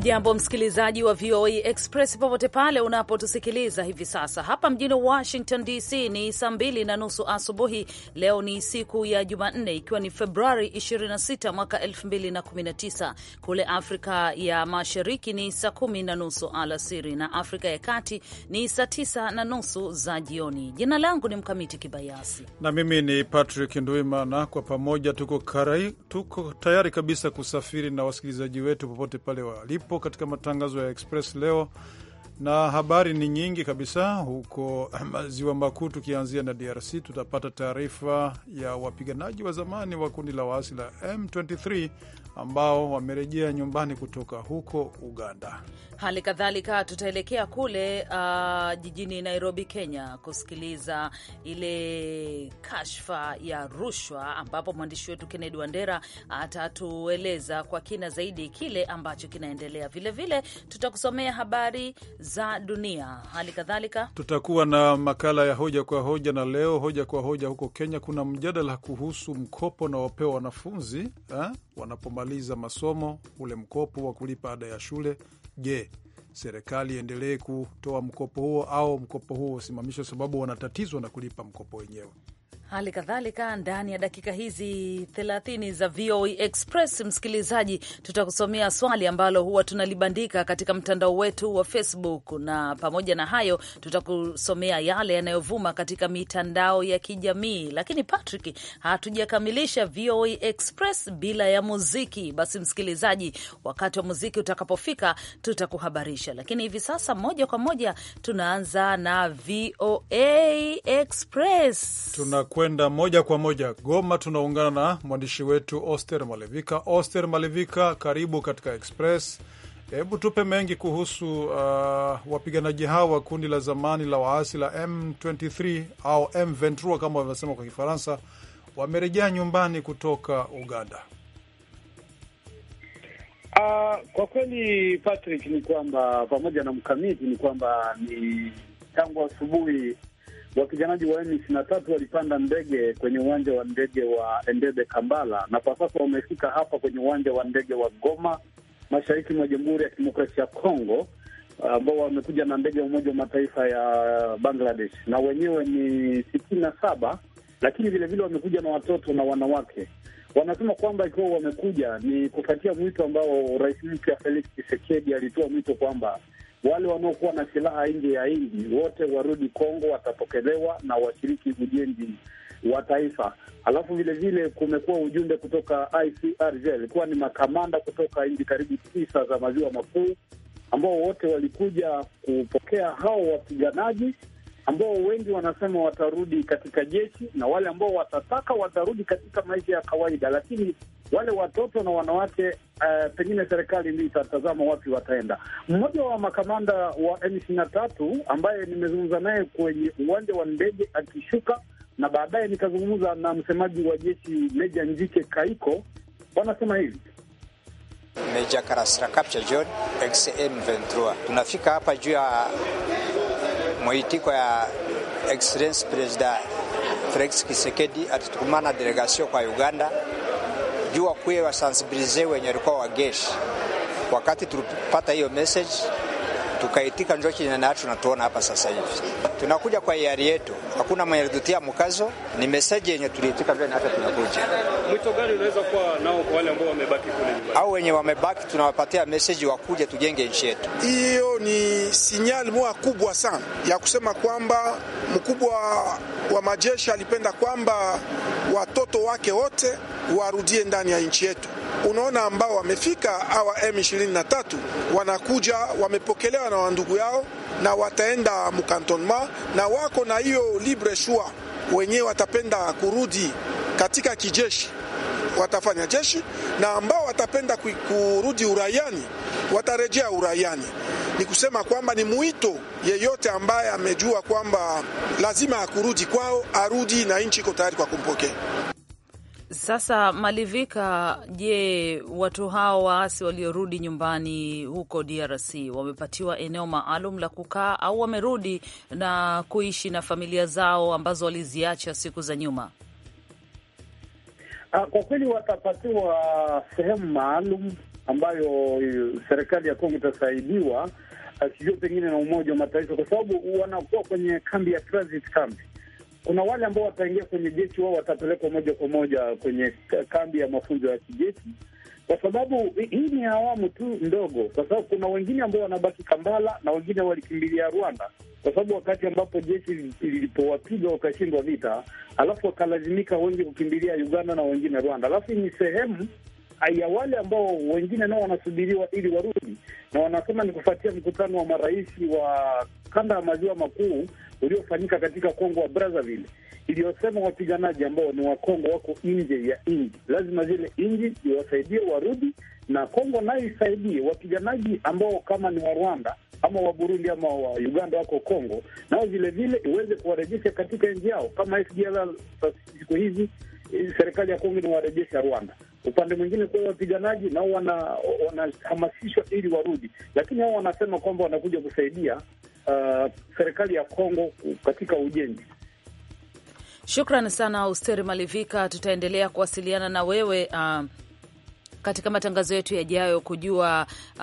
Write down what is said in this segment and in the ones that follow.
Hujambo msikilizaji wa VOA e Express popote pale unapotusikiliza hivi sasa. Hapa mjini Washington DC ni saa mbili na nusu asubuhi. Leo ni siku ya Jumanne, ikiwa ni Februari 26 mwaka 2019. Kule Afrika ya Mashariki ni saa kumi na nusu alasiri na Afrika ya Kati ni saa tisa na nusu za jioni. Jina langu ni Mkamiti Kibayasi na mimi ni Patrick Nduimana. Kwa pamoja tuko, karai, tuko tayari kabisa kusafiri na wasikilizaji wetu popote pale walipo hapo katika matangazo ya Express leo na habari ni nyingi kabisa huko maziwa makuu. Tukianzia na DRC, tutapata taarifa ya wapiganaji wa zamani wa kundi la waasi la M23 ambao wamerejea nyumbani kutoka huko Uganda. Hali kadhalika tutaelekea kule uh, jijini Nairobi, Kenya, kusikiliza ile kashfa ya rushwa, ambapo mwandishi wetu Kennedy Wandera atatueleza kwa kina zaidi kile ambacho kinaendelea. Vilevile tutakusomea habari za dunia. Hali kadhalika tutakuwa na makala ya hoja kwa hoja, na leo hoja kwa hoja, huko Kenya kuna mjadala kuhusu mkopo na wapewa wanafunzi eh, wanapomaliza masomo, ule mkopo wa kulipa ada ya shule. Je, serikali iendelee kutoa mkopo huo au mkopo huo usimamishwe, sababu wanatatizwa na kulipa mkopo wenyewe? Hali kadhalika ndani ya dakika hizi 30 za VOA e Express, msikilizaji, tutakusomea swali ambalo huwa tunalibandika katika mtandao wetu wa Facebook, na pamoja na hayo tutakusomea yale yanayovuma katika mitandao ya kijamii. Lakini Patrick, hatujakamilisha VOA e Express bila ya muziki. Basi msikilizaji, wakati wa muziki utakapofika tutakuhabarisha, lakini hivi sasa moja kwa moja tunaanza na VOA e Express Tunaku tunakwenda moja kwa moja Goma, tunaungana na mwandishi wetu Oster Malevika. Oster Malevika, karibu katika Express. Hebu tupe mengi kuhusu uh, wapiganaji hawa, kundi la zamani la waasi la M23 au M23 kama wanavyosema kwa Kifaransa, wamerejea nyumbani kutoka Uganda. Uh, kwa kweli Patrick, ni kwamba pamoja na mkamiti, ni kwamba ni tangu asubuhi wapiganaji wa m tatu walipanda ndege kwenye uwanja wa ndege wa Endebe kambala na kwa sasa wamefika hapa kwenye uwanja wa ndege wa Goma, mashariki mwa Jamhuri ya Kidemokrasia ya Kongo, ambao wamekuja na ndege ya Umoja wa Mataifa ya Bangladesh, na wenyewe ni sitini na saba, lakini vilevile wamekuja na watoto na wanawake. Wanasema kwamba ikiwa wamekuja ni kufuatia mwito ambao rais mpya Felix Tshisekedi alitoa mwito kwamba wale wanaokuwa na silaha nje ya nchi wote warudi Kongo, watapokelewa na washiriki ujenzi wa taifa. Alafu vilevile kumekuwa ujumbe kutoka ICRG, alikuwa ni makamanda kutoka nchi karibu tisa za maziwa makuu ambao wote walikuja kupokea hao wapiganaji ambao wengi wanasema watarudi katika jeshi na wale ambao watataka watarudi katika maisha ya kawaida, lakini wale watoto na wanawake uh, pengine serikali ndio itatazama wapi wataenda. Mmoja wa makamanda wa M23 ambaye nimezungumza naye kwenye uwanja wa ndege akishuka, na baadaye nikazungumza na msemaji wa jeshi Meja Njike Kaiko, wanasema hivi Meja Karasira John XM23, tunafika hapa juu ya mwitiko ya Excellence President Felix Kisekedi na delegasio kwa Uganda juu wakuye wasansibilize wenye walikuwa wageshi. Wakati tulipata hiyo message tukaitika, ndio chenye nacho natuona hapa sasa hivi. Tunakuja kwa hiari yetu, hakuna mwenye kututia mkazo, ni message yenye tuliitika, ndio hata tunakuja Mwito gani unaweza kuwa nao kwa wale ambao wamebaki kule nyumbani au wenye wamebaki? Tunawapatia meseji, wakuja tujenge nchi yetu. Hiyo ni sinyali moja kubwa sana ya kusema kwamba mkubwa wa majeshi alipenda kwamba watoto wake wote warudie ndani ya nchi yetu. Unaona, ambao wamefika hawa M23 wanakuja wamepokelewa na wandugu yao na wataenda mkantonma na wako na hiyo libre choix wenyewe watapenda kurudi katika kijeshi watafanya jeshi na ambao watapenda kurudi uraiani watarejea uraiani. Ni kusema kwamba ni mwito yeyote ambaye amejua kwamba lazima akurudi kwao arudi, na nchi iko tayari kwa kumpokea. Sasa Malivika, je, watu hao waasi waliorudi nyumbani huko DRC wamepatiwa eneo maalum la kukaa au wamerudi na kuishi na familia zao ambazo waliziacha siku za nyuma? Ah, kwa kweli watapatiwa sehemu maalum ambayo eh, serikali ya Kongo itasaidiwa, ah, sijua pengine na Umoja wa Mataifa, kwa sababu wanakuwa kwenye kambi ya transit Kuna wale ambao wataingia kwenye jeshi, wao watapelekwa moja kwa moja kwenye kambi ya mafunzo ya kijeshi kwa sababu hii ni awamu tu ndogo, kwa sababu kuna wengine ambao wanabaki kambala na wengine walikimbilia Rwanda, kwa sababu wakati ambapo jeshi lilipowapiga wakashindwa vita, alafu wakalazimika wengi kukimbilia Uganda na wengine Rwanda, alafu ni sehemu ya wale ambao wengine nao wanasubiriwa ili warudi, na wanasema ni kufuatia mkutano wa marais wa kanda ya maziwa makuu uliofanyika katika Kongo wa Brazzaville iliyosema wapiganaji ambao ni Wakongo wako nje ya nji, lazima zile nji iwasaidie warudi, na Kongo nayo isaidie wapiganaji ambao kama ni wa Rwanda ama wa Burundi ama wa Uganda wako Kongo, nao vilevile iweze kuwarejesha katika nji yao, kama FDLR siku hizi eh, serikali ya Kongo inawarejesha Rwanda. Upande mwingine kwa wapiganaji nao wanahamasishwa wana ili warudi, lakini hao wanasema kwamba wanakuja kusaidia uh, serikali ya Kongo katika ujenzi. Shukran sana Austeri Malivika, tutaendelea kuwasiliana na wewe uh, katika matangazo yetu yajayo kujua uh,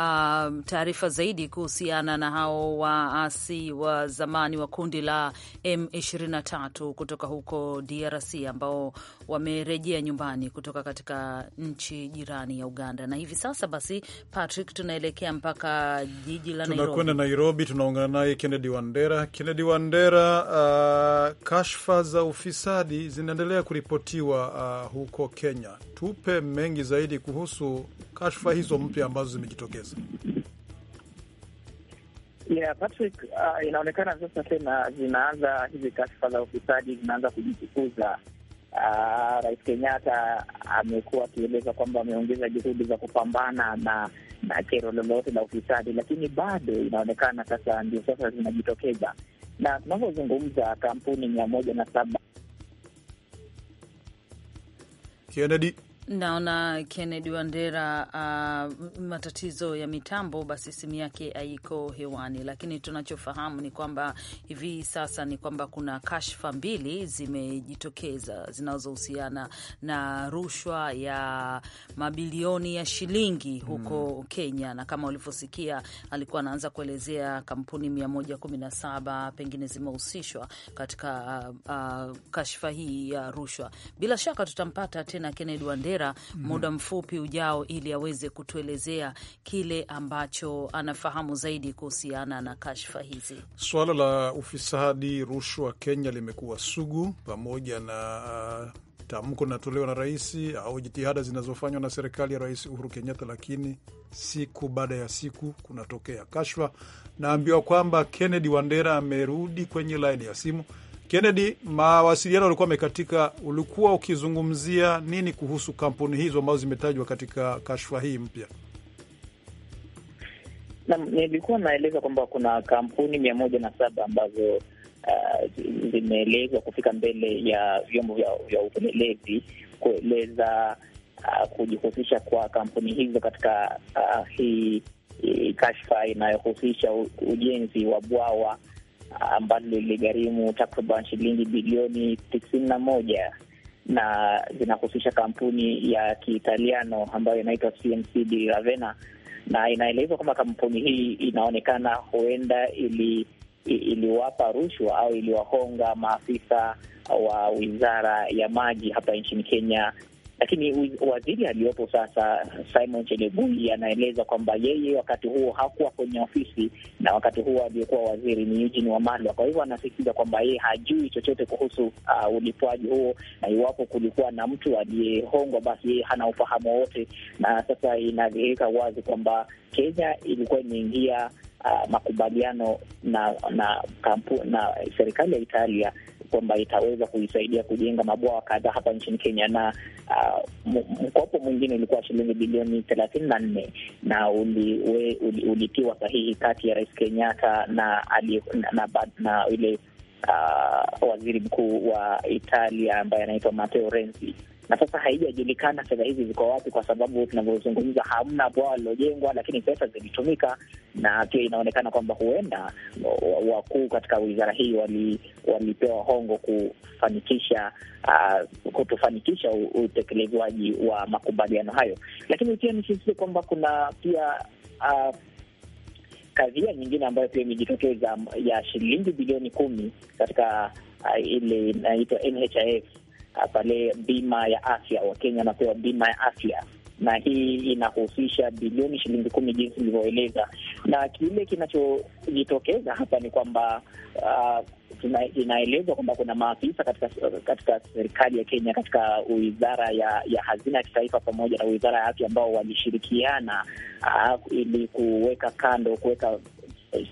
taarifa zaidi kuhusiana na hao waasi wa zamani wa kundi la M23 kutoka huko DRC ambao wamerejea nyumbani kutoka katika nchi jirani ya Uganda. Na hivi sasa basi, Patrick, tunaelekea mpaka jiji la Nairobi. Tunakwenda Nairobi, tunaungana naye Kennedy Wandera. Kennedy Wandera, uh, kashfa za ufisadi zinaendelea kuripotiwa uh, huko Kenya. Tupe mengi zaidi kuhusu kuhusu kashfa hizo mpya ambazo zimejitokeza? Yeah, Patrick, uh, inaonekana sasa tena zinaanza hizi kashfa za ufisadi zinaanza kujitukuza. Uh, Rais Kenyatta amekuwa akieleza kwamba ameongeza juhudi za kupambana na na kero lolote la ufisadi, lakini bado inaonekana sasa ndio sasa zinajitokeza, na tunavyozungumza kampuni mia moja na saba Kennedy Naona Kennedy Wandera, uh, matatizo ya mitambo, basi simu yake haiko hewani, lakini tunachofahamu ni kwamba hivi sasa ni kwamba kuna kashfa mbili zimejitokeza zinazohusiana na rushwa ya mabilioni ya shilingi huko mm, Kenya, na kama ulivyosikia alikuwa anaanza kuelezea kampuni 117 pengine zimehusishwa katika uh, uh, kashfa hii ya rushwa. Bila shaka tutampata tena Kennedy Wandera Wandera mhm. muda mfupi ujao, ili aweze kutuelezea kile ambacho anafahamu zaidi kuhusiana na kashfa hizi. Suala la ufisadi, rushwa Kenya limekuwa sugu, pamoja na uh, tamko linatolewa na rais au jitihada zinazofanywa na serikali ya Rais Uhuru Kenyatta, lakini siku baada ya siku kunatokea kashfa. Naambiwa kwamba Kennedy Wandera amerudi kwenye laini ya simu. Kennedy, mawasiliano yalikuwa amekatika. Ulikuwa ukizungumzia nini kuhusu kampuni hizo ambazo zimetajwa katika kashfa hii mpya? Na, nilikuwa naeleza kwamba kuna kampuni mia moja na saba ambazo uh, zimeelezwa kufika mbele ya vyombo vya upelelezi kueleza uh, kujihusisha kwa kampuni hizo katika uh, hii kashfa inayohusisha ujenzi wa bwawa ambalo liligharimu takriban shilingi bilioni tisini na moja na zinahusisha kampuni ya Kiitaliano ambayo inaitwa CMC di Ravenna, na inaelezwa kwamba kampuni hii inaonekana huenda ili iliwapa rushwa au iliwahonga maafisa wa wizara ya maji hapa nchini Kenya lakini waziri aliyopo sasa Simon chelebui anaeleza kwamba yeye wakati huo hakuwa kwenye ofisi na wakati huo aliyekuwa waziri ni Eugene Wamalwa. Kwa hivyo anasisitiza kwamba yeye hajui chochote kuhusu uh, ulipwaji huo, na iwapo kulikuwa na mtu aliyehongwa, basi yeye hana ufahamu wowote. Na sasa inadhihirika wazi kwamba Kenya ilikuwa imeingia uh, makubaliano na na, kampu, na serikali ya Italia kwamba itaweza kuisaidia kujenga mabwawa kadhaa hapa nchini Kenya, na uh, mkopo mwingine ulikuwa shilingi bilioni thelathini na nne na ulitiwa sahihi kati ya Rais Kenyatta na, ali, na, na, na, na ile Uh, waziri mkuu wa Italia ambaye anaitwa Matteo Renzi na sasa haijajulikana fedha hizi ziko wapi, kwa sababu tunavyozungumza hamna bwawa lilojengwa, lakini pesa zilitumika, na pia inaonekana kwamba huenda wakuu katika wizara hii walipewa wali hongo kufanikisha uh, kutofanikisha utekelezwaji wa makubaliano hayo. Lakini pia nisisitize kwamba kuna pia uh, kadhia nyingine ambayo pia imejitokeza ya shilingi bilioni kumi katika uh, ile inaitwa NHIF Uh, pale bima ya afya, Wakenya wanapewa bima ya afya na hii inahusisha bilioni shilingi kumi jinsi ilivyoeleza, na kile kinachojitokeza hapa ni kwamba uh, inaelezwa kwamba kuna maafisa katika katika serikali ya Kenya, katika wizara ya, ya hazina ya kitaifa pamoja na wizara ya afya ambao walishirikiana uh, ili kuweka kando, kuweka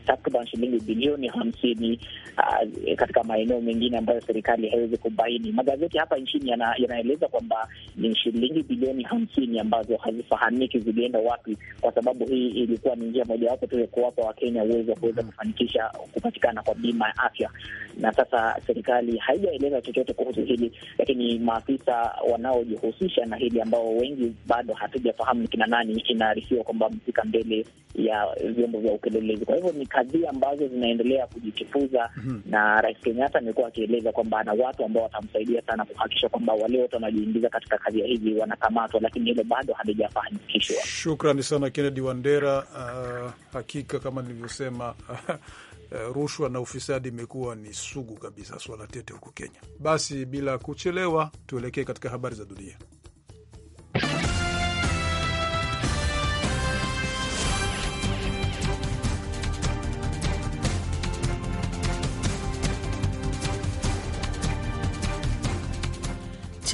takriban shilingi bilioni hamsini uh, katika maeneo mengine ambayo serikali haiwezi kubaini. Magazeti hapa nchini yana, yanaeleza kwamba ni shilingi bilioni hamsini ambazo hazifahamiki zilienda wapi, kwa sababu hii ilikuwa ni njia mojawapo tu ya kuwapa Wakenya uwezo wa kuweza kufanikisha kupatikana kwa bima ya afya, na sasa serikali haijaeleza chochote kuhusu hili, lakini maafisa wanaojihusisha na hili ambao wengi bado hatujafahamu kina nani, inaarifiwa kwamba mfika mbele ya vyombo vya upelelezi kwa hivyo hivyo ni kadhia ambazo zinaendelea kujichifuza mm -hmm. na Rais Kenyatta amekuwa akieleza kwamba ana watu ambao watamsaidia sana kuhakikisha kwamba wale wote wanajiingiza katika kadhia hizi wanakamatwa, lakini hilo bado halijafanikishwa. Shukrani sana Kennedy Wandera. Uh, hakika kama nilivyosema Uh, rushwa na ufisadi imekuwa ni sugu kabisa, swala tete huko Kenya. Basi bila kuchelewa, tuelekee katika habari za dunia.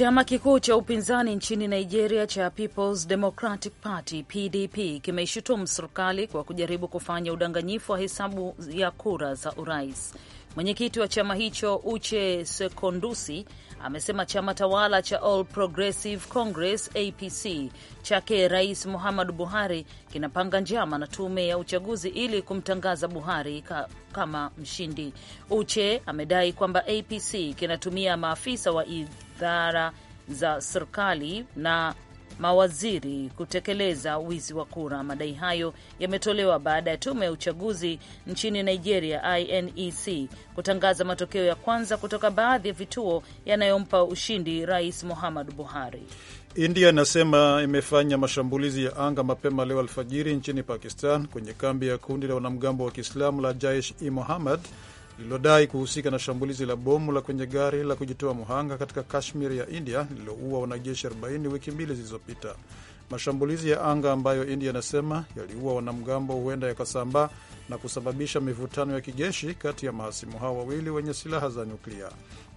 Chama kikuu cha upinzani nchini Nigeria cha Peoples Democratic Party PDP kimeishutumu serikali kwa kujaribu kufanya udanganyifu wa hesabu ya kura za urais. Mwenyekiti wa chama hicho Uche Sekondusi amesema chama tawala cha All Progressive Congress APC chake Rais Muhammadu Buhari kinapanga njama na tume ya uchaguzi ili kumtangaza Buhari ka, kama mshindi. Uche amedai kwamba APC kinatumia maafisa wa idara za serikali na mawaziri kutekeleza wizi wa kura. Madai hayo yametolewa baada ya tume ya uchaguzi nchini Nigeria, INEC, kutangaza matokeo ya kwanza kutoka baadhi ya vituo yanayompa ushindi Rais Muhammadu Buhari. India inasema imefanya mashambulizi ya anga mapema leo alfajiri nchini Pakistan, kwenye kambi ya kundi la wanamgambo wa Kiislamu la Jaish i Muhammad lililodai kuhusika na shambulizi la bomu la kwenye gari la kujitoa muhanga katika Kashmir ya India lililoua wanajeshi 40 wiki mbili zilizopita. Mashambulizi ya anga ambayo India inasema yaliua wanamgambo huenda yakasambaa na kusababisha mivutano ya kijeshi kati ya mahasimu hao wawili wenye silaha za nyuklia.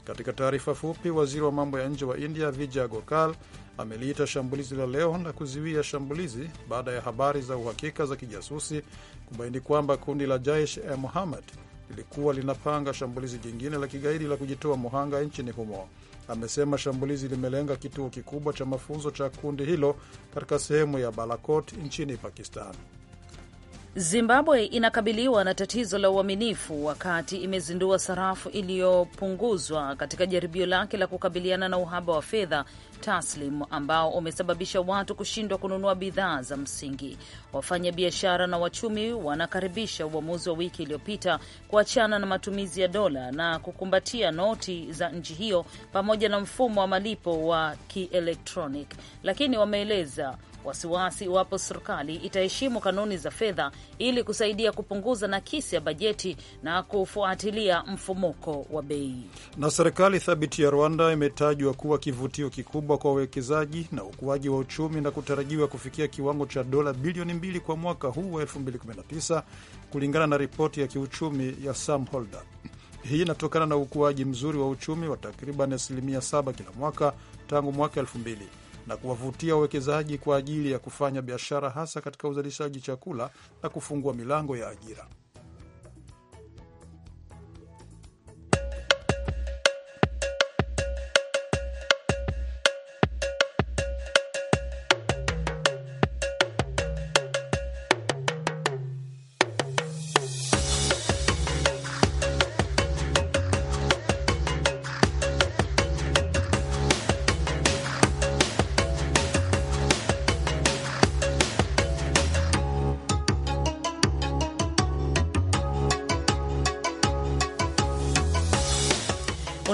Katika taarifa fupi, waziri wa mambo ya nje wa India Vijay Gokal ameliita shambulizi la leo la kuziwia shambulizi baada ya habari za uhakika za kijasusi kubaini kwamba kundi la Jaish ya Muhammad lilikuwa linapanga shambulizi jingine la kigaidi la kujitoa muhanga nchini humo. Amesema shambulizi limelenga kituo kikubwa cha mafunzo cha kundi hilo katika sehemu ya Balakot nchini Pakistan. Zimbabwe inakabiliwa na tatizo la uaminifu wakati imezindua sarafu iliyopunguzwa katika jaribio lake la kukabiliana na uhaba wa fedha taslim ambao umesababisha watu kushindwa kununua bidhaa za msingi. Wafanyabiashara na wachumi wanakaribisha uamuzi wa wiki iliyopita kuachana na matumizi ya dola na kukumbatia noti za nchi hiyo pamoja na mfumo wa malipo wa kielektroniki, lakini wameeleza wasiwasi iwapo serikali itaheshimu kanuni za fedha ili kusaidia kupunguza nakisi ya bajeti na kufuatilia mfumuko wa bei. Na serikali thabiti ya Rwanda imetajwa kuwa kivutio kikubwa kwa wawekezaji na ukuaji wa uchumi na kutarajiwa kufikia kiwango cha dola bilioni mbili kwa mwaka huu wa 2019 kulingana na ripoti ya kiuchumi ya Sam Holder. Hii inatokana na ukuaji mzuri wa uchumi wa takriban asilimia 7 kila mwaka tangu mwaka 2000 na kuwavutia wawekezaji kwa ajili ya kufanya biashara hasa katika uzalishaji chakula na kufungua milango ya ajira.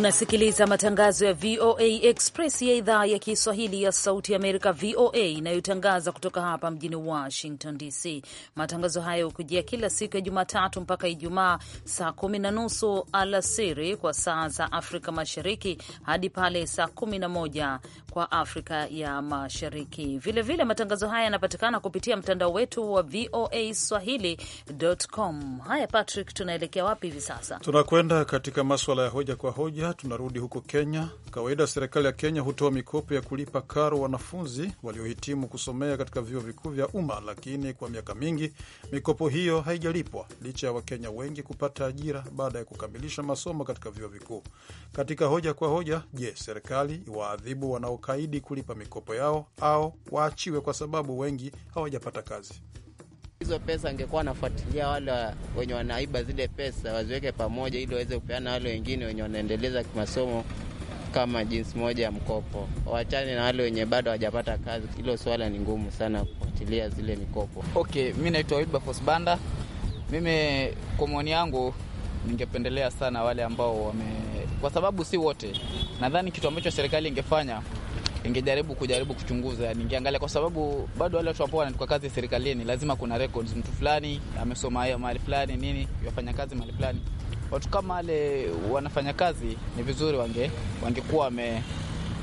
Unasikiliza matangazo ya VOA Express ya idhaa ya Kiswahili ya Sauti Amerika, VOA, inayotangaza kutoka hapa mjini Washington DC. Matangazo hayo hukujia kila siku ya Jumatatu mpaka Ijumaa saa kumi na nusu alasiri kwa saa za Afrika Mashariki hadi pale saa kumi na moja kwa Afrika ya Mashariki. Vilevile vile matangazo haya yanapatikana kupitia mtandao wetu wa VOA Swahili.com. Haya, Patrick, tunaelekea wapi hivi sasa? Tunakwenda katika maswala ya hoja kwa hoja tunarudi huko Kenya. Kawaida serikali ya Kenya hutoa mikopo ya kulipa karo wanafunzi waliohitimu kusomea katika vyuo vikuu vya umma, lakini kwa miaka mingi mikopo hiyo haijalipwa licha ya Wakenya wengi kupata ajira baada ya kukamilisha masomo katika vyuo vikuu. Katika hoja kwa hoja, je, serikali iwaadhibu wanaokaidi kulipa mikopo yao au waachiwe kwa sababu wengi hawajapata kazi? hizo pesa angekuwa anafuatilia wale wenye wanaiba zile pesa waziweke pamoja, ili waweze kupeana wale wengine wenye wanaendeleza kimasomo kama jinsi moja ya mkopo, wachane na wale wenye bado hawajapata kazi. Hilo swala ni ngumu sana kufuatilia zile mikopo. Okay, mi naitwa Wilberforce Banda. Mimi kwa maoni yangu ningependelea sana wale ambao wame, kwa sababu si wote, nadhani kitu ambacho serikali ingefanya ningejaribu kujaribu kuchunguza, ningeangalia, kwa sababu bado wale watu ambao wanatoka kazi serikalini, lazima kuna records, mtu fulani amesoma mahali fulani nini, yafanya kazi mahali fulani. Watu kama wale wanafanya kazi, ni vizuri wange wangekuwa wame,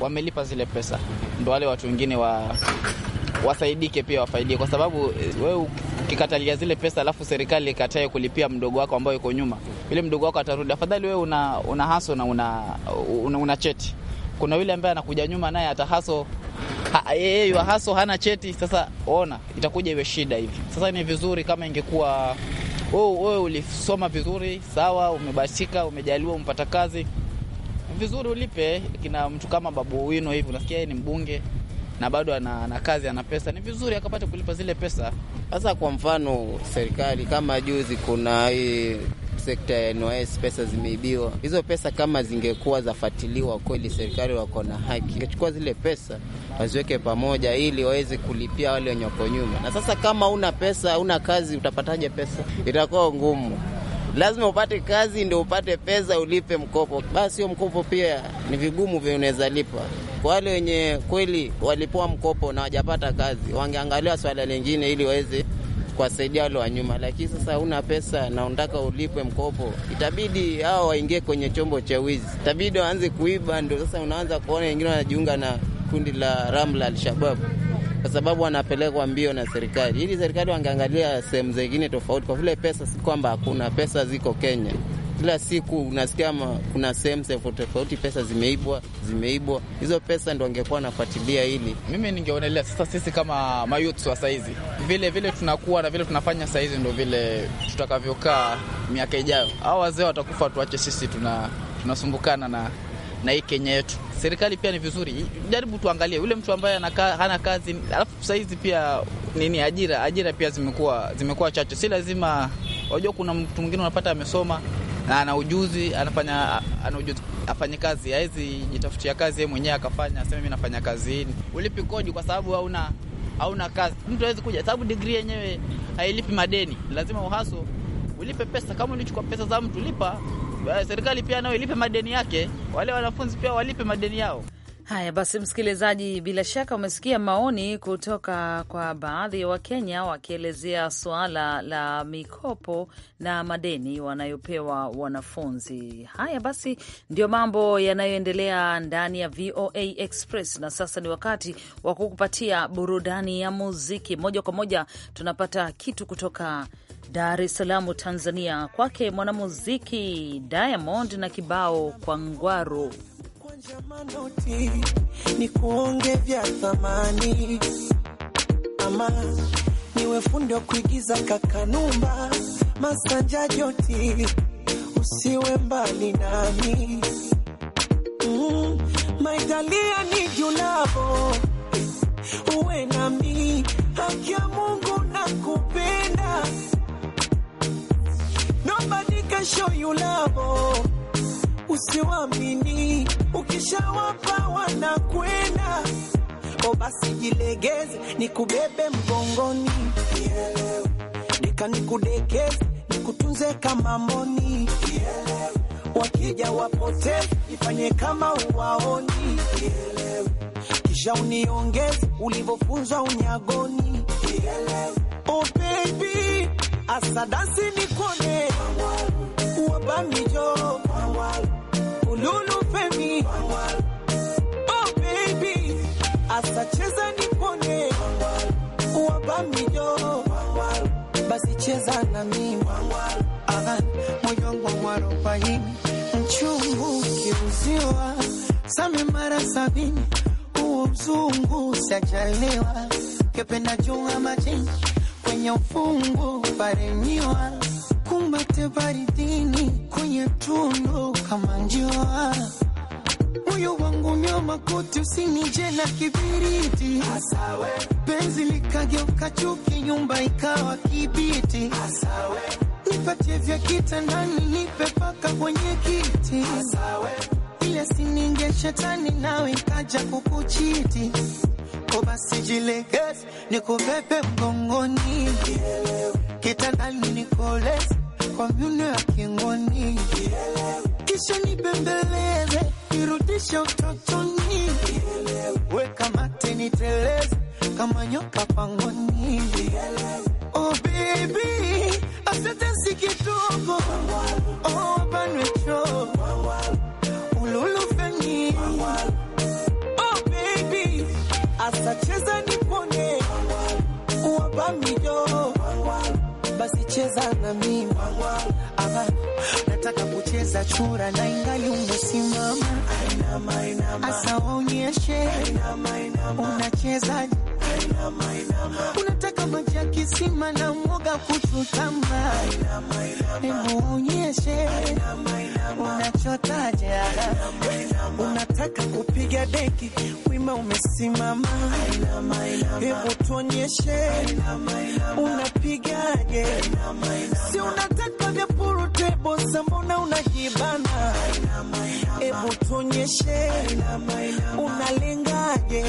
wamelipa zile pesa, ndo wale watu wengine wa wasaidike pia wafaidie, kwa sababu eh, wewe ukikatalia zile pesa alafu serikali ikatae kulipia mdogo wako ambao yuko nyuma, ile mdogo wako atarudi. Afadhali wewe una, una haso na una, una, una cheti kuna yule ambaye anakuja nyuma naye atahaso yeye ha, haso eh, eh, hana cheti. Sasa ona itakuja iwe shida hivi. Sasa ni vizuri kama ingekuwa wewe oh, ulisoma vizuri sawa, umebashika, umejaliwa, umepata kazi vizuri, ulipe kina mtu kama Babu wino hivi, unasikia yeye ni mbunge na bado ana, ana kazi ana pesa, ni vizuri akapata kulipa zile pesa. Sasa kwa mfano serikali kama juzi, kuna hii sekta ya NYS pesa zimeibiwa. Hizo pesa kama zingekuwa zafuatiliwa kweli, serikali wako na haki, ingechukua zile pesa waziweke pamoja, ili waweze kulipia wale wenye wako nyuma. Na sasa kama una pesa, una kazi, utapataje pesa? Itakuwa ngumu. Lazima upate kazi ndio upate pesa, ulipe mkopo. Basi hiyo mkopo pia ni vigumu vya unaweza lipa. Kwa wale wenye kweli walipoa mkopo na wajapata kazi, wangeangalia swala lingine ili waweze kuwasaidia wale wa nyuma, lakini sasa una pesa na unataka ulipwe mkopo, itabidi hao waingie kwenye chombo cha wizi, itabidi waanze kuiba. ndo sasa unaanza kuona wengine wanajiunga na kundi la Ramla Alshababu kwa sababu wanapelekwa mbio na serikali. Ili serikali wangeangalia sehemu zingine tofauti, kwa vile pesa si kwamba hakuna pesa, ziko Kenya. Kila siku unasikia kuna sehemu tofauti tofauti pesa zimeibwa, zimeibwa. Hizo pesa ndo angekuwa anafuatilia hili. Mimi ningeonelea sasa, sisi kama mayouth wa saizi, vile vile tunakuwa na vile tunafanya saizi, ndo vile tutakavyokaa miaka ijayo. Au wazee watakufa, tuache sisi tuna tunasumbukana na na hii Kenya yetu. Serikali pia ni vizuri, jaribu tuangalie yule mtu ambaye hana kazi. Alafu sahizi pia nini, ajira ajira pia zimekuwa zimekuwa chache, si lazima wajua, kuna mtu mwingine unapata amesoma na ana ujuzi, anafanya ana ujuzi, afanye kazi, hawezi jitafutia kazi yeye mwenyewe akafanya, asema mimi nafanya kazi hii. Ulipi kodi kwa sababu hauna hauna kazi, mtu hawezi kuja, sababu degree yenyewe hailipi madeni. Lazima uhaso ulipe pesa, kama ulichukua pesa za mtu lipa. Serikali pia nayo ilipe madeni yake, wale wanafunzi pia walipe madeni yao. Haya basi, msikilizaji, bila shaka umesikia maoni kutoka kwa baadhi ya Wakenya wakielezea suala la mikopo na madeni wanayopewa wanafunzi. Haya basi, ndio mambo yanayoendelea ndani ya VOA Express, na sasa ni wakati wa kukupatia burudani ya muziki moja kwa moja. Tunapata kitu kutoka Dar es Salaam, Tanzania, kwake mwanamuziki Diamond na kibao kwa Ngwaro. Chanja manoti ni kuonge vya thamani, ama niwe fundi wa kuigiza Kakanumba Masanja Joti, usiwe mbali nami mm, my dalia ni julavo uwe nami, haki ya Mungu na kupenda nobody can show you love usiwamini, ukishawapa wanakwenda. O oh, basi jilegeze, nikubebe mgongoni, deka nikudekeze, nikutunze kama moni, wakija wapoteze, ifanye kama uwaoni, kisha uniongeze ulivyofunzwa unyagoni. Oh baby, asadasi nikone wabamijo lulu Femi. oh baby asacheza nipone wabamijo basi cheza na mimi aha moyongo mwarobaini mchungu kiuziwa same mara sabini huo mzungu sajaliwa kependa junga machinji kwenye ufungu parenyiwa kumbate baridini kwenye tundo kama njoa, moyo wangu nyama koti, usinije na kibiriti, penzi likageuka chuki, nyumba ikawa kibiti, nipatie vya kitandani, nipe paka kwenye kiti, ila sininge shetani nawe kaja kukuchiti, basi jilegeze nikubebe mgongoni kitandani nikoleze kwa viuno ya kingoni, kisha nibembeleze nirudishe utotoni, weka mate niteleze kama nyoka pangoni. Oh baby, asante si kidogo kucheza na mimi ama nataka kucheza chura na ingali umesimama, asaonyeshe unacheza unataka maji ya kisima na mwoga kuchutama, hebu unachotaja. Unataka kupiga deki, wima umesimama, hebu tuonyeshe unapigaje. Si unataka vya purutebo sambona unajibana, hebu tuonyeshe unalengaje.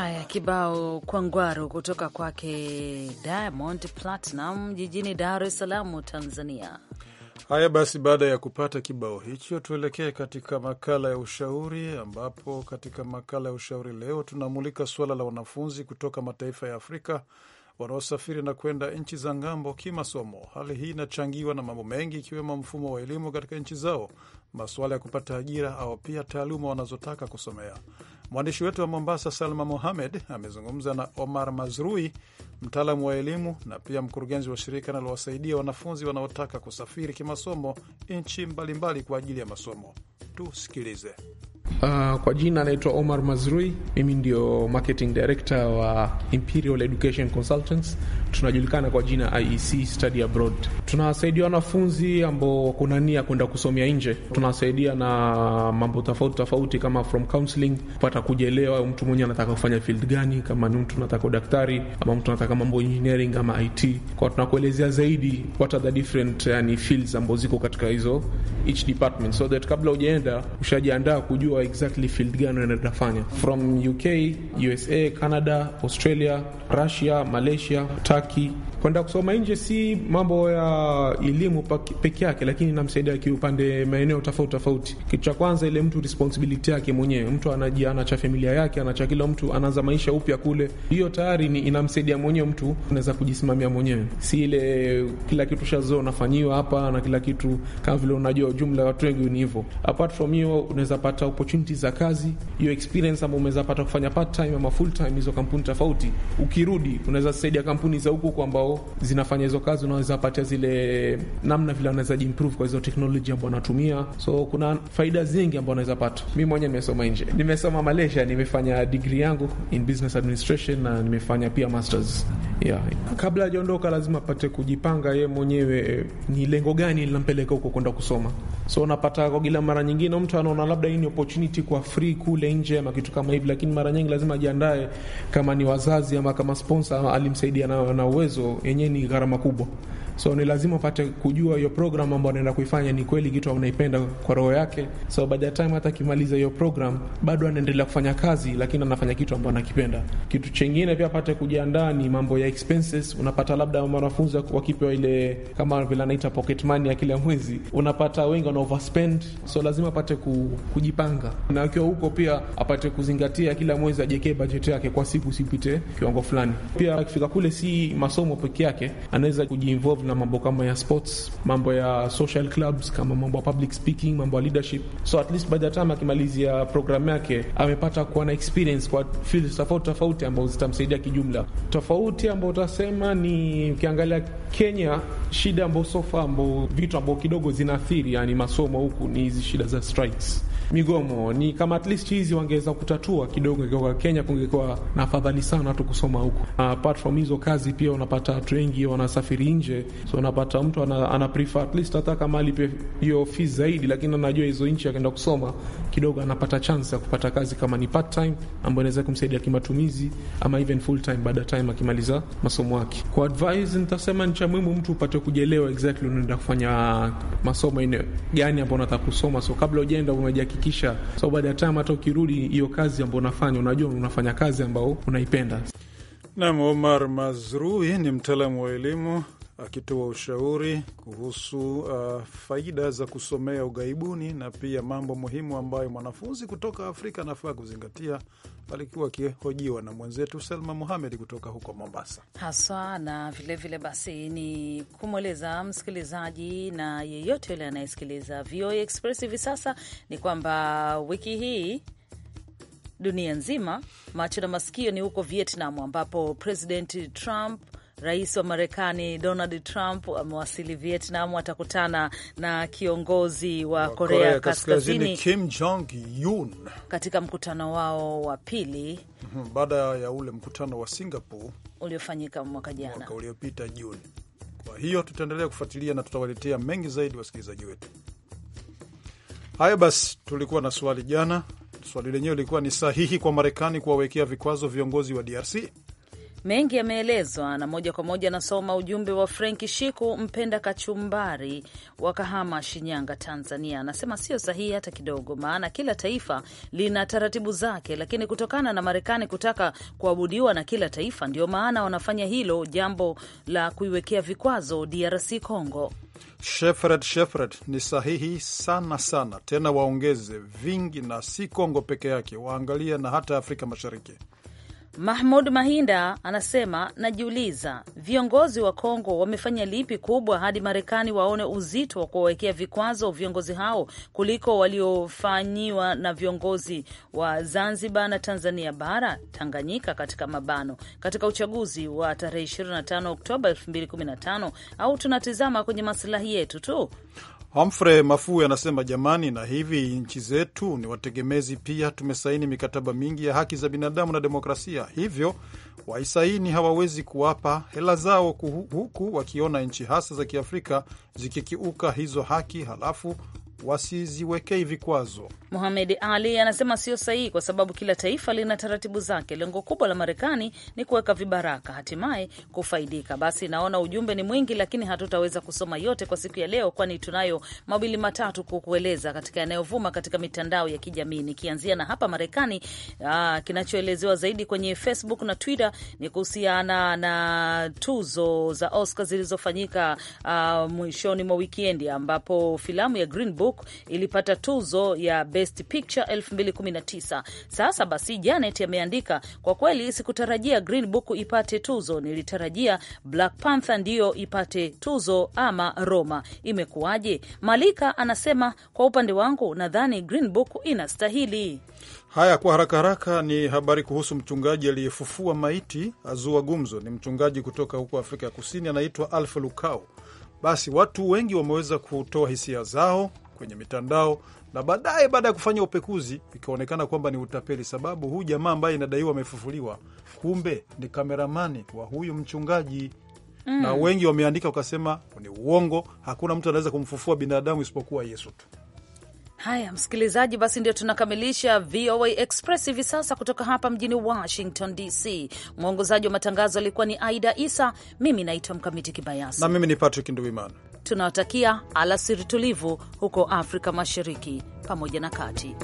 Haya, kibao Kwangwaru kutoka kwake Diamond Platinum jijini Dar es Salaam, Tanzania. Haya basi, baada ya kupata kibao hicho, tuelekee katika makala ya ushauri, ambapo katika makala ya ushauri leo tunamulika suala la wanafunzi kutoka mataifa ya Afrika wanaosafiri na kwenda nchi za ng'ambo kimasomo. Hali hii inachangiwa na mambo mengi, ikiwemo mfumo wa elimu katika nchi zao masuala ya kupata ajira au pia taaluma wanazotaka kusomea. Mwandishi wetu wa Mombasa, Salma Mohamed, amezungumza na Omar Mazrui, mtaalamu wa elimu na pia mkurugenzi wa shirika linalowasaidia wanafunzi wanaotaka kusafiri kimasomo nchi mbalimbali kwa ajili ya masomo. Tusikilize. Uh, kwa jina anaitwa Omar Mazrui. Mimi ndio marketing director wa Imperial Education Consultants, tunajulikana kwa jina IEC Study Abroad. Tunawasaidia wanafunzi ambao kuna nia kwenda kusomea nje tunasaidia na mambo tofauti tofauti, kama from counseling kupata kujielewa mtu mwenyewe anataka kufanya field gani, kama ni mtu anataka udaktari ama mtu anataka mambo engineering ama IT, kwa tunakuelezea zaidi what are the different yani fields ambazo ziko katika hizo each department, so that kabla hujaenda ushajiandaa kujua exactly field gani unaenda kufanya. From UK, USA, Canada, Australia, Russia, Malaysia, Turkey kwenda kusoma nje si mambo ya elimu peke yake, lakini namsaidia kiupande maeneo tofauti tofauti. Kitu cha kwanza ile mtu responsibility yake mwenyewe, mtu anajiana cha familia yake, anacha kila mtu anaanza maisha upya kule, hiyo tayari ni inamsaidia mwenyewe, mtu anaweza kujisimamia mwenyewe, si ile kila kitu shazo unafanyiwa hapa na kila kitu kama vile unajua. Jumla watu wengi ni hivyo. Apart from hiyo, unaweza pata opportunities za kazi, hiyo experience ambayo unaweza pata kufanya part time ama full time hizo kampuni tofauti. Ukirudi unaweza saidia kampuni za huko kwa ambao zinafanya hizo kazi, unaweza pata zile namna vile wanaweza improve kwa hizo teknolojia ambayo wanatumia So kuna faida zingi ambao unaweza pata. mi mwenyewe nimesoma nje, nimesoma Malaysia, nimefanya digri yangu in business administration na nimefanya pia masters yeah. Kabla ajaondoka lazima apate kujipanga ye mwenyewe, eh, ni lengo gani linampeleka huko kwenda kusoma So unapata kogila mara nyingine mtu anaona labda hii ni opportunity kwa free kule nje ama kitu kama hivi, lakini mara nyingi lazima ajiandae, kama ni wazazi ama kama sponsor alimsaidia na, na uwezo yenyewe ni gharama kubwa. So ni lazima upate kujua hiyo program ambayo anaenda kuifanya ni kweli kitu anaipenda kwa roho yake. So baada ya time hata akimaliza hiyo program bado anaendelea kufanya kazi, lakini anafanya kitu ambacho anakipenda. Kitu chengine pia apate kujiandaa ni mambo ya expenses. Unapata labda wanafunzi wakipewa ile kama vile anaita pocket money ya kila mwezi, unapata wengi overspend, so lazima apate ku, kujipanga, na akiwa huko pia apate kuzingatia, kila mwezi ajekee bajeti yake kwa siku sipite kiwango fulani. Pia akifika kule, si masomo peke yake, anaweza kujiinvolve na mambo kama ya sports, mambo ya social clubs, kama mambo ya public speaking, mambo ya leadership, so at least by the time akimalizia programu yake amepata kuwa na experience kwa fields tofauti tofauti ambazo zitamsaidia kijumla. Tofauti ambayo utasema ni ukiangalia Kenya, shida ambayo sofa ambayo vitu ambayo kidogo zinaathiri yani masomo huku ni hizi shida za strikes migomo ni kama at least hizi wangeweza kutatua kidogo, ingekuwa Kenya kungekuwa na afadhali sana watu kusoma huko. Ah, apart from hizo kazi, pia unapata watu wengi wanasafiri nje, so unapata mtu ana, ana prefer at least hata kama alipe hiyo fees zaidi, lakini anajua hizo nchi akaenda kusoma kidogo, anapata chance ya kupata kazi kama ni part time ambayo inaweza kumsaidia kimatumizi, ama even full time baada time akimaliza masomo yake. Kwa advice nitasema ni cha muhimu mtu upate kujielewa exactly unaenda kufanya ah, masomo ine gani ambayo unataka kusoma, so kabla hujaenda umejaki kuhakikisha kwa sababu baada ya tama hata ukirudi hiyo kazi ambayo unafanya, unajua unafanya kazi ambao unaipenda. Nam Omar Mazrui ni mtaalamu wa elimu akitoa ushauri kuhusu uh, faida za kusomea ughaibuni na pia mambo muhimu ambayo mwanafunzi kutoka Afrika anafaa kuzingatia. Alikuwa akihojiwa na mwenzetu Selma Muhamed kutoka huko Mombasa haswa, na vilevile basi ni kumweleza msikilizaji na yeyote yule anayesikiliza VOA Express hivi sasa ni kwamba wiki hii dunia nzima macho na masikio ni huko Vietnam ambapo President Trump Rais wa Marekani Donald Trump amewasili Vietnam, atakutana na kiongozi wa, wa Korea, Korea Kaskazini, Kim Jong Un katika mkutano wao wa pili mhm, baada ya ule mkutano wa Singapore uliofanyika mwaka jana, mwaka uliopita Juni. Kwa hiyo tutaendelea kufuatilia na tutawaletea mengi zaidi wasikilizaji wetu. Haya basi, tulikuwa na swali jana. Swali lenyewe lilikuwa ni sahihi kwa Marekani kuwawekea vikwazo viongozi wa DRC? Mengi yameelezwa na moja kwa moja anasoma ujumbe wa Frenki Shiku, mpenda kachumbari wa Kahama, Shinyanga, Tanzania. Anasema sio sahihi hata kidogo, maana kila taifa lina taratibu zake, lakini kutokana na Marekani kutaka kuabudiwa na kila taifa, ndio maana wanafanya hilo jambo la kuiwekea vikwazo DRC Congo. Shefred, Shefred, ni sahihi sana sana, tena waongeze vingi, na si Kongo peke yake, waangalie na hata Afrika Mashariki. Mahmud Mahinda anasema najiuliza, viongozi wa Kongo wamefanya lipi kubwa hadi Marekani waone uzito wa kuwawekea vikwazo viongozi hao kuliko waliofanyiwa na viongozi wa Zanzibar na Tanzania bara Tanganyika katika mabano katika uchaguzi wa tarehe 25 Oktoba 2015 au tunatizama kwenye masilahi yetu tu? Humphrey Mafue anasema jamani, na hivi nchi zetu ni wategemezi pia. Tumesaini mikataba mingi ya haki za binadamu na demokrasia, hivyo waisaini hawawezi kuwapa hela zao, huku wakiona nchi hasa za Kiafrika zikikiuka hizo haki, halafu wasiziwekei vikwazo. Muhamed Ali anasema sio sahihi kwa sababu kila taifa lina taratibu zake. Lengo kubwa la Marekani ni kuweka vibaraka, hatimaye kufaidika. Basi naona ujumbe ni mwingi, lakini hatutaweza kusoma yote kwa siku ya leo, kwani tunayo mawili matatu kukueleza katika yanayovuma katika mitandao ya kijamii, nikianzia na hapa Marekani. Ah, kinachoelezewa zaidi kwenye Facebook na Twitter ni kuhusiana na tuzo za Oscar zilizofanyika ah, mwishoni mwa wikendi, ambapo filamu ya Green Book Book ilipata tuzo ya Best Picture 2019. Sasa basi, Janet ameandika kwa kweli, sikutarajia Green Book ipate tuzo, nilitarajia Black Panther ndiyo ipate tuzo ama Roma. Imekuwaje? Malika anasema kwa upande wangu nadhani Green Book inastahili. Haya, kwa haraka haraka ni habari kuhusu mchungaji aliyefufua maiti azua gumzo. Ni mchungaji kutoka huko Afrika ya Kusini, anaitwa Alfa Lukao. Basi watu wengi wameweza kutoa hisia zao kwenye mitandao, na baadaye, baada ya kufanya upekuzi, ikaonekana kwamba ni utapeli, sababu huyu jamaa ambaye inadaiwa amefufuliwa, kumbe ni kameramani wa huyu mchungaji. Mm. Na wengi wameandika wakasema ni uongo, hakuna mtu anaweza kumfufua binadamu isipokuwa Yesu tu. Haya, msikilizaji, basi ndio tunakamilisha VOA Express hivi sasa kutoka hapa mjini Washington DC. Mwongozaji wa matangazo alikuwa ni Aida Isa, mimi naitwa Mkamiti Kibayasi na mimi ni Patrick Nduimana tunawatakia alasiri tulivu huko Afrika Mashariki pamoja na Kati.